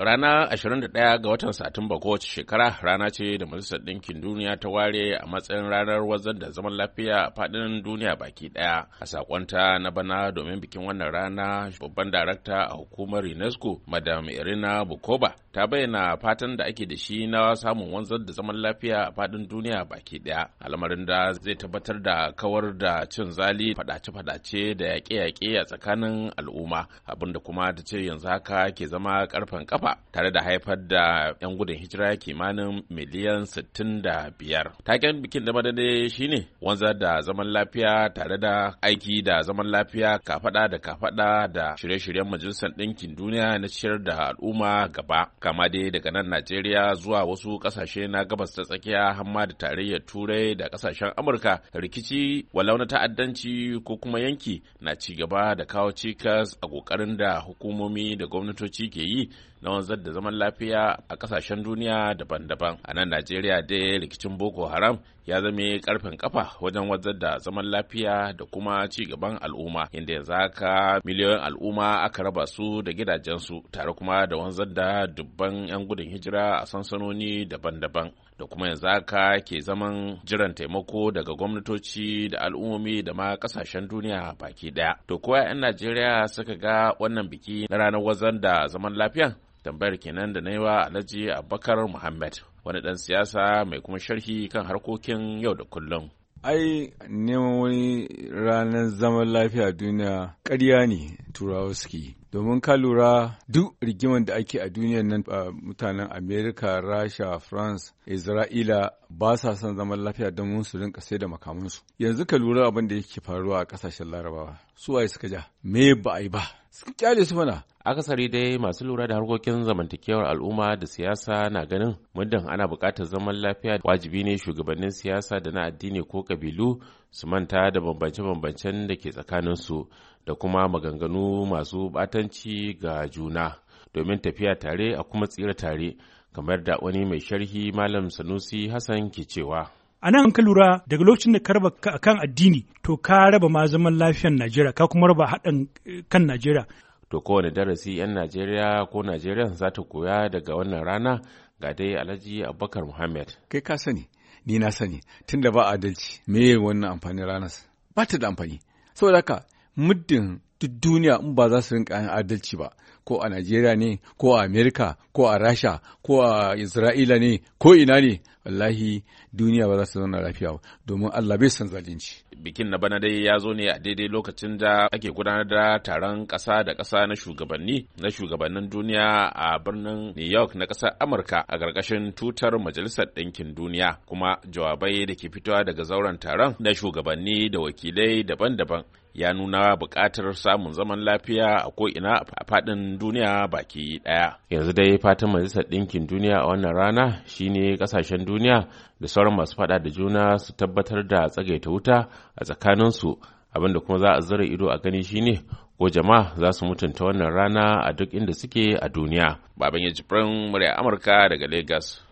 Rana 21 ga watan Satumba kowace shekara rana ce da Majalisar Ɗinkin Duniya ta ware a matsayin ranar wazan da zaman lafiya a faɗin duniya baki ɗaya. A sakonta na bana domin bikin wannan rana babban darakta a hukumar UNESCO Madam Irina Bukoba ta bayyana fatan da ake da shi na samun wanzar da zaman lafiya a faɗin duniya baki ɗaya. Al'amarin da zai tabbatar da kawar da cin zali faɗace-faɗace da yaƙe-yaƙe a tsakanin al'umma abinda kuma ta ce yanzu haka ke zama ƙarfen ƙafa ba tare da haifar da 'yan gudun hijira kimanin miliyan 65. Taken bikin da madade shine wanza da zaman lafiya tare da aiki da zaman lafiya kafada da kafada da shirye-shiryen majalisar ɗinkin duniya na ciyar da al'umma gaba kama dai daga nan Najeriya zuwa wasu ƙasashe na gabas ta tsakiya hamma da tarayyar Turai da kasashen Amurka rikici walau na ta'addanci ko kuma yanki na ci gaba da kawo cikas a ƙoƙarin da hukumomi da gwamnatoci ke yi na wanzar da zaman lafiya a kasashen duniya daban-daban a nan najeriya dai rikicin boko haram ya zame karfin kafa wajen wajar da zaman lafiya da kuma ci gaban al'umma inda yanzu haka miliyoyin al'umma aka raba su da gidajensu tare kuma da wanzar da dubban 'yan gudun hijira a sansanoni daban-daban da kuma yanzu haka ke zaman jiran taimako daga gwamnatoci da al'ummomi da ma kasashen duniya baki daya to kowa 'yan najeriya suka ga wannan biki na ranar wazan da zaman lafiya tambayar kenan da na yi wa alhaji abubakar muhammad wani dan siyasa mai kuma sharhi kan harkokin yau da kullum ai neman wani ranar zaman lafiya duniya karya ne turawa suke domin ka lura duk rigiman da ake a duniyar nan a mutanen amerika rasha france isra'ila ba sa son zaman lafiya don su rinka sai da makamansu yanzu ka lura abin da yake faruwa a ƙasashen larabawa su waye suka ja me ba a yi ba suka kyale su mana akasari dai masu lura da harkokin zamantakewar al'umma da siyasa na ganin muddin ana buƙatar zaman lafiya wajibi ne shugabannin siyasa da na addini ko kabilu su manta da bambance-bambancen da ke tsakaninsu da kuma maganganu masu batanci ga juna domin tafiya tare a kuma tsira tare kamar da wani mai sharhi malam sanusi hassan ke cewa a nan an ka lura daga lokacin da ka raba kan addini to ka raba ma zaman lafiyar najeriya ka kuma raba haɗin eh, kan najeriya to kowane darasi 'yan najeriya ko najeriya za ta koya daga wannan rana ga dai alhaji abubakar muhammad kai ka sani ni na sani tun da ba adalci me wannan amfani ranar ba ta da amfani saboda haka muddin duk duniya in ba za su rinka adalci ba ko a najeriya ne ko a amerika ko a rasha ko a isra'ila ne ko ina ne wallahi duniya ba za su zauna lafiya ba domin Allah bai san zalunci. Bikin na bana dai ya zo ne a daidai lokacin da ake gudanar da taron ƙasa da ƙasa na shugabanni na shugabannin duniya a birnin New York na kasar Amurka a ƙarƙashin tutar Majalisar Ɗinkin Duniya kuma jawabai da ke fitowa daga zauren taron na shugabanni da wakilai daban-daban ya nuna buƙatar samun zaman lafiya a ko'ina a faɗin duniya baki ɗaya. Yanzu dai fatan Majalisar Ɗinkin Duniya a wannan rana shine ƙasashen duniya da sauran masu fada da juna su tabbatar da tsagaita wuta a tsakaninsu abinda kuma za a zura ido a gani shine ko jama'a za su mutunta wannan rana a duk inda suke a duniya baban ya ji jibrin murya amurka daga Legas.